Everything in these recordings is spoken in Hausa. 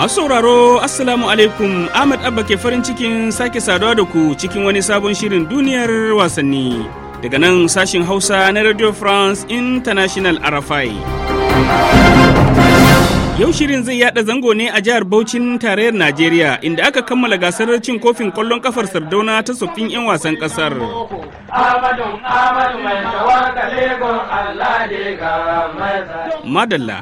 Masu sauraro Assalamu alaikum Ahmad Abba ke farin cikin sake saduwa da ku cikin wani sabon shirin duniyar wasanni daga nan sashin Hausa na Radio France International RFI. Yau shirin zai yada zango ne a jihar Bauchin tarayyar Najeriya inda aka kammala gasar cin kofin kwallon kafar Sardauna ta tsoffin 'yan wasan kasar. Madalla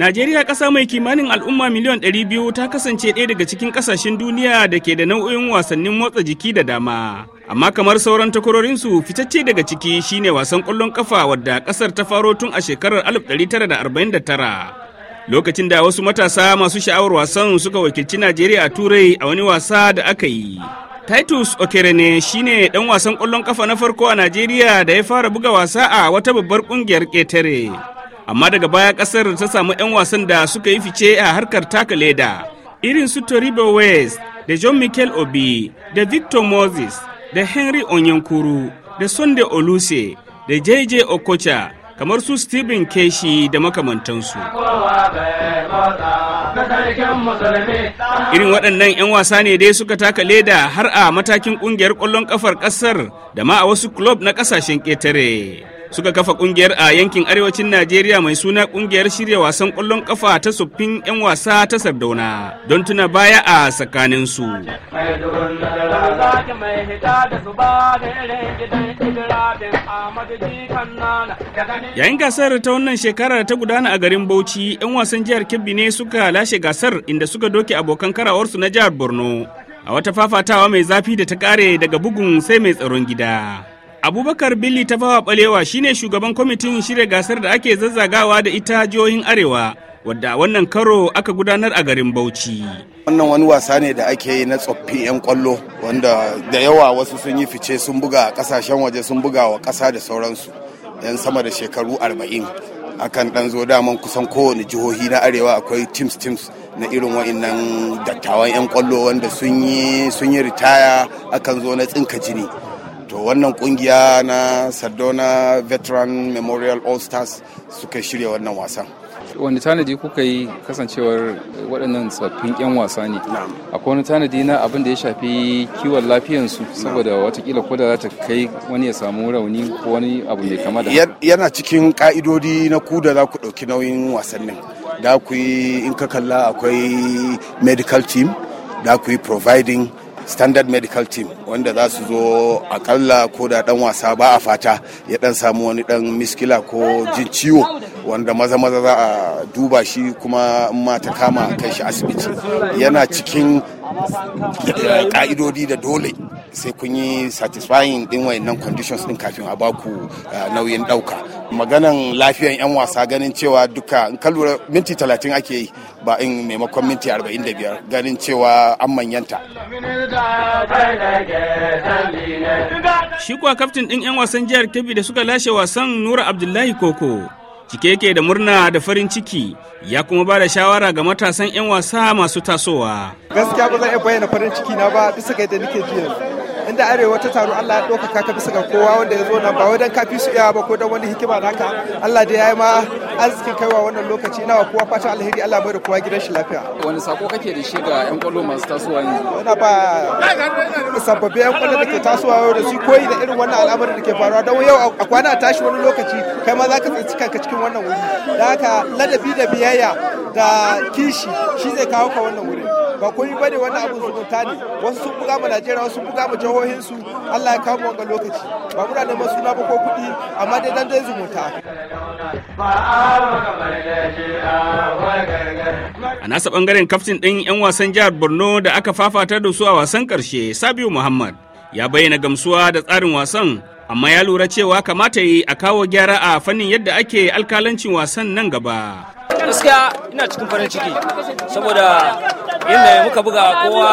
Najeriya ƙasa mai kimanin al'umma miliyon 200 ta kasance ɗaya daga cikin ƙasashen duniya da ke da nau'in wasannin motsa jiki da dama. Amma kamar sauran takwarorinsu fitacce daga ciki shine wasan ƙwallon ƙafa wadda ƙasar ta faro tun a shekarar 1949. Lokacin da wasu matasa masu sha'awar wasan suka wakilci Najeriya a Turai a wani wasa da aka yi. Titus Okerene shine ɗan wasan ƙwallon ƙafa na farko a Najeriya da ya fara buga wasa a wata babbar ƙungiyar ƙetare. amma daga baya kasar ta samu 'yan wasan da suka yi fice a harkar taka leda irin su Toribo West da John Michael Obi da Victor Moses da Henry Onyankuru da Sunday Oluse da JJ Okocha kamar su Stephen Keshi da makamantansu. Irin waɗannan 'yan wasa ne dai suka taka leda har a matakin ƙungiyar ƙwallon ƙafar ƙasar da ma a wasu kulob na ƙasashen ƙetare. suka kafa kungiyar a yankin arewacin Najeriya mai suna kungiyar shirya wasan kwallon kafa ta tsoffin 'yan wasa ta Sardauna don tuna baya a tsakanin su. Yayin gasar ta wannan shekarar ta gudana a garin Bauchi, 'yan wasan jihar Kebbi ne suka lashe gasar inda suka doke abokan karawarsu na jihar Borno. A wata fafatawa mai zafi da ta kare daga bugun sai mai tsaron gida. abubakar billy tafawa balewa shine shugaban kwamitin shirya gasar da ake zazzagawa da ita jihohin arewa wadda wannan karo aka gudanar a garin bauchi wannan wani wasa ne da ake yi na tsoffi 'yan kwallo wanda da yawa wasu sun yi fice sun buga a kasashen waje sun buga wa kasa da sauransu 'yan sama da shekaru arba'in akan dan zo daman kusan kowane jihohi na arewa akwai teams teams na irin wa'annan dattawan 'yan kwallo wanda sun yi ritaya akan zo na tsinka jini to wannan kungiya na sardona veteran memorial all stars suka shirya wannan wasan wani tanadi kuka yi kasancewar waɗannan tsaffin 'yan wasa ne akwai wani tanadi na abin da ya shafi kiwon lafiyansu saboda watakila ko da za ta kai wani ya samu rauni ko wani abu mai kama da yana cikin ka'idodi na ku da za ku ɗauki nauyin wasannin da ku yi in ka kalla akwai medical team da ku yi providing standard medical team wanda za su zo akalla ko da dan wasa ba a fata ya dan samu wani dan miskila ko jin ciwo wanda maza maza za a duba shi kuma ma ta kama kai shi asibiti yana cikin ka'idodi eh, da dole sai kun yi satisfying din wayannan conditions din kafin a baku uh, nauyin dauka maganan lafiyan yan wasa ganin cewa duka in ka lura minti 30 ake yi ba in maimakon minti 45 ganin cewa an manyanta shi kuwa kaftin din yan wasan jihar Kebbi da suka lashe wasan Nura Abdullahi Koko cike yake da murna da farin ciki ya kuma ba da shawara ga matasan 'yan wasa masu tasowa. Gaskiya ba zan iya bayyana farin ciki na ba bisa ga yadda nake ji yanzu. inda arewa ta taru Allah ya ɗaukaka ka bisa ga kowa wanda ya zo nan ba wai dan kafi su iya ba ko dan wani hikima da haka. Allah da yayi ma arzikin kaiwa wannan lokaci ina wa kowa fatan alheri Allah bai da kowa gidan shi lafiya wani sako kake da shi ga yan kwallo masu tasowa ne ina ba sababbi yan kwallo da ke tasowa yau da su koyi da irin wannan al'amarin da ke faruwa don yau a kwana tashi wani lokaci kai ma zaka tsinci kanka cikin wannan wuri da haka ladabi da biyayya da kishi shi zai kawo ka wannan wurin ba yi bane wannan su ta ne wasu sun buga mu Najeriya wasu sun buga mu jihohin su Allah ya kawo mu wannan lokaci ba muna neman suna ba ko kuɗi amma dai dan dai zumunta a nasa bangaren kaftin ɗin 'yan wasan jihar borno da aka fafata da su a wasan karshe sabiu muhammad ya bayyana gamsuwa da tsarin wasan amma ya lura cewa kamata yi a kawo gyara a fannin yadda ake alkalancin wasan nan gaba. gaskiya ina cikin farin ciki saboda yadda muka buga kowa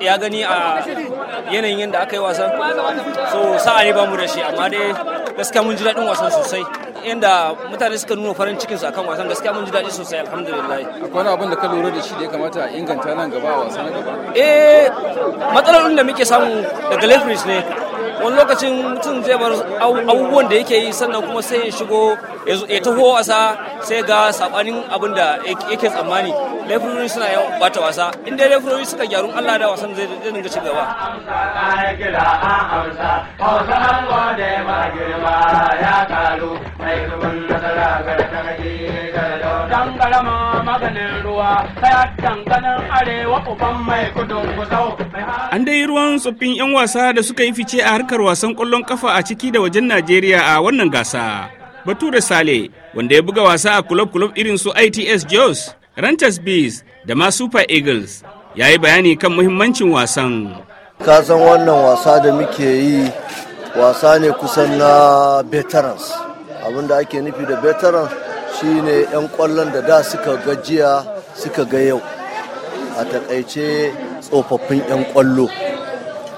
ya gani a yanayin yadda aka yi wasan so sa'a ne ba mu da shi amma dai gaskiya mun ji daɗin wasan sosai yadda mutane suka nuna farin cikinsu akan wasan gaskiya mun ji daɗi sosai alhamdulillah akwai wani abin da ka lura da shi da ya kamata a inganta nan gaba a wasan gaba eh matsalolin da muke samu daga referees ne wani lokacin mutum zai bar abubuwan da yake yi sannan kuma sai ya shigo ya taho wasa sai ga sabanin abin da yake tsammani laifurori suna yawan bata wasa inda dai suka gyaru Allah da wasan zai dinga ci gaba An dai ruwan tsoffin 'yan wasa da suka yi fice a harkar harkar wasan ƙwallon kafa a ciki da wajen Najeriya a wannan gasa. Bature Sale, wanda ya buga wasa a kulob-kulob irin su ITS Jos, Ranchers Bees da ma Super Eagles, ya yi bayani kan muhimmancin wasan. kasan wannan wasa da muke yi wasa ne kusan na veterans. Abin da ake nufi da veterans shine 'yan kwallon da da suka gajiya suka ga yau. A takaice tsofaffin 'yan kwallo.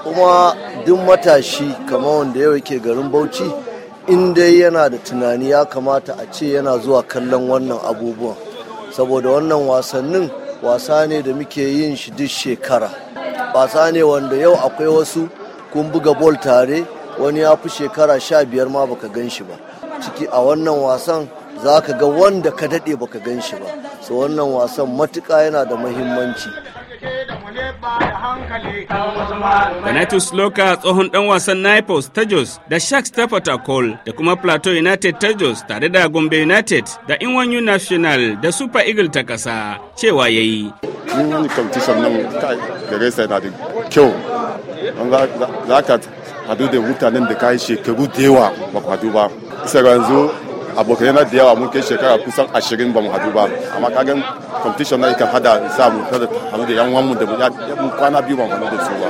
Kuma duk matashi kamar wanda yau yake garin bauchi in dai yana da tunani ya kamata a ce yana zuwa kallon wannan abubuwan saboda wannan wasannin wasa ne da muke yin shi duk shekara wasa ne wanda yau akwai wasu kun buga bol tare wani ya fi shekara sha biyar ma baka gan shi ba ciki a wannan wasan za ka ga wanda ka daɗe baka gan shi ba so wannan wasan matuka yana da mahimmanci Donatus Loka tsohon ɗan wasan Naples ta Jos da Sharks ta Fatakol da kuma Plateau United ta Jos tare da Gombe United da Inwanyu National da Super Eagle ta kasa cewa ya yi. Yin wani competition nan kai gare sa yana da kyau. Za ka hadu da mutanen da ka yi shekaru da yawa ba ku hadu ba. Isa yanzu abokanai na da yawa mun kai shekara kusan ashirin ba mu hadu ba amma kagan competition na kan hada sa mu kada hadu da yan wanmu da mu kwana biyu ba mu da su ba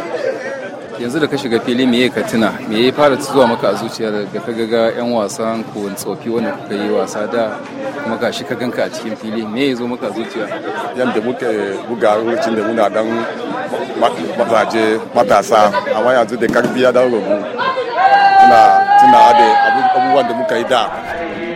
yanzu da ka shiga fili me ka tuna me ya fara zuwa maka a zuciyar da ka ga yan wasan ko tsofi wanda ka yi wasa da kuma shi ka ganka a cikin fili me ya zo maka a zuciya yanda muke buga lokacin da muna dan mazaje matasa amma yanzu da karfi ya dawo mu tuna tuna da abubuwan da muka yi da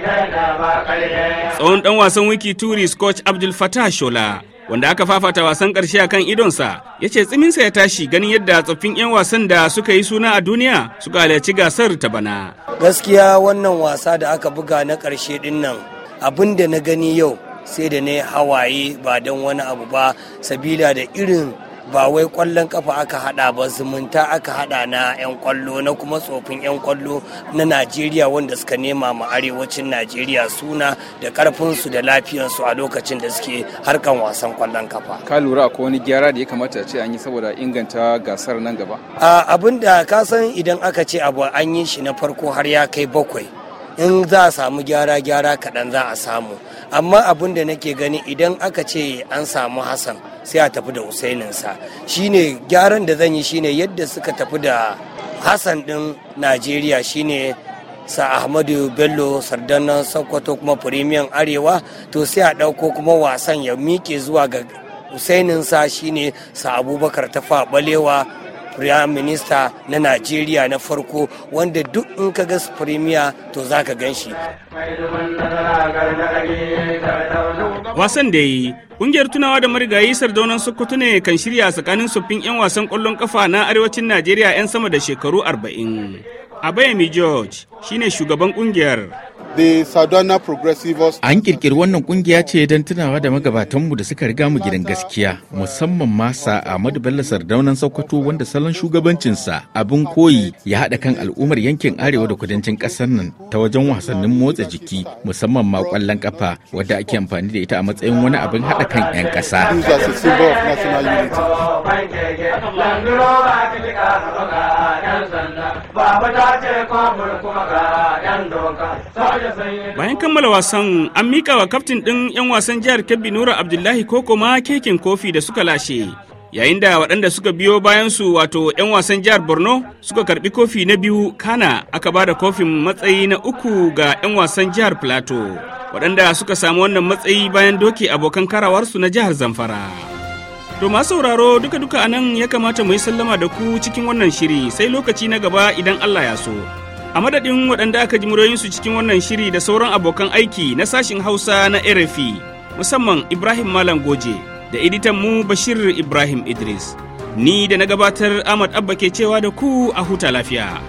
Tsawon dan wasan wiki turi Scotch Abdul Fattah Shola wanda aka fafata wasan karshe a kan idonsa ya ce tsiminsa ya tashi ganin yadda tsoffin 'yan wasan da suka yi suna a duniya suka halarci gasar ta bana. Gaskiya wannan wasa da aka buga na karshe dinnan nan abin da na gani yau sai da na hawaye ba don wani abu ba sabila da irin ba wai kwallon kafa aka hada ba zumunta aka hada na 'yan kwallo na kuma tsofin 'yan kwallo na najeriya wanda suka nema ma arewacin najeriya suna da karfinsu da lafiyarsu a lokacin da suke harkan wasan kwallon kafa ka lura ko wani gyara da ya kamata a ce an yi saboda inganta gasar nan gaba abin da ka san idan aka ce abu an yi shi na farko har ya kai bakwai in za a samu gyara gyara kaɗan za a samu amma abin da nake gani idan aka ce an samu hassan sai a tafi da usaininsa shine gyaran da zan yi shine yadda suka tafi da hassan ɗin najeriya shine sa ahmadu bello sardanan sokoto kuma firimiyan arewa to sai a ɗauko kuma wasan ya miƙe zuwa ga usaininsa shine sa abubakar ta faɓalewa prime minister na najeriya na farko wanda duk in ka ga premier to za ka gan shi wasan da yi Kungiyar tunawa da marigayi sardaunan Sokoto ne kan shirya tsakanin tsoffin 'yan wasan ƙwallon kafa na arewacin Najeriya 'yan sama da shekaru 40. Abayemi George shine shugaban kungiyar the An kirkiri wannan kungiya ce don tunawa da magabatanmu da suka riga mu gidan gaskiya musamman masa Ahmadu Bello Sardaunan Sokoto wanda salon shugabancinsa abin koyi ya haɗa kan al'ummar yankin arewa da kudancin ƙasar nan ta wajen wasannin motsa jiki musamman ma kwallon ƙafa wadda ake amfani da ita a matsayin wani abin haɗa kan 'yan ƙasa. Ba ta ce kuma doka Bayan kammala wasan an mika wa kaftin ɗin 'yan wasan jihar Kebbi Nura Abdullahi ko kuma kekin kofi da suka lashe. Yayin da waɗanda suka biyo bayan su wato 'yan wasan jihar Borno suka karɓi kofi na biyu kana aka ba da kofin matsayi na uku ga 'yan wasan jihar plato Waɗanda suka samu wannan matsayi bayan doki abokan karawarsu na jihar Zamfara. To masu sauraro duka-duka anan ya kamata mu yi sallama da ku cikin wannan shiri sai lokaci na gaba idan Allah ya so. A madadin waɗanda aka ji su cikin wannan shiri da sauran abokan aiki na sashin Hausa na RFI, musamman Ibrahim Malam Goje da editan mu Bashir Ibrahim Idris. Ni da na gabatar Ahmad Abba ke cewa da ku a huta lafiya.